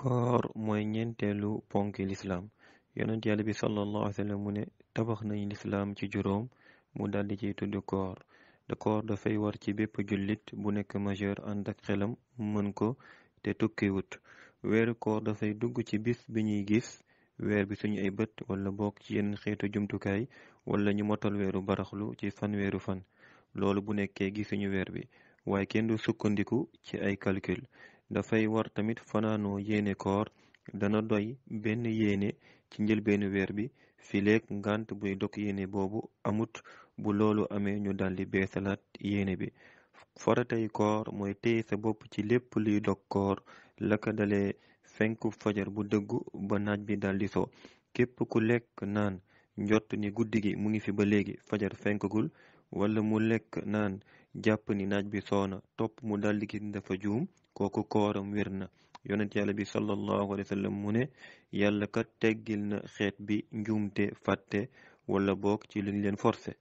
koor mooy ñeenteelu ponki lislaam yonent yàlla bi sallallahu alayhi mu ne tabax nañu lislaam ci juróom mu daldi ciy tudd koor te koor dafay war ci bépp jullit bu nekk majeur ànd ak xelam mën ko te tukkiwut weeru koor dafay dugg ci bis bi ñuy gis weer bi suñu ay bët wala bokk ci yenn xeetu jumtukaay wala ñu motal weeru baraxlu ci fanweeru fan loolu bu nekkee gisuñu weer bi waaye kenn du sukkandiku ci ay calcul dafay war tamit fanaanoo yéene koor dana doy benn yéene ci njëlbeenu weer bi fileeg ngant buy dog yéene boobu amut bu loolu amee ñu daldi beesalaat yéene bi faratay koor mooy téye sa bopp ci lépp luy dog koor laka dalee fenku fajar bu dëggu ba naaj bi daldi so képp ku lekk naan njott ni guddi mu ngi fi ba léegi fajar fenkagul wala mu lekk naan jàpp ni naaj bi soona topp mu daldi gis dafa juum kooku kooram wér na yonent yàlla bi sallallahu alayhi wa sallam mu ne yàlla kat teggil na xeet bi njuumte fàtte wala boog ci liñ leen forcé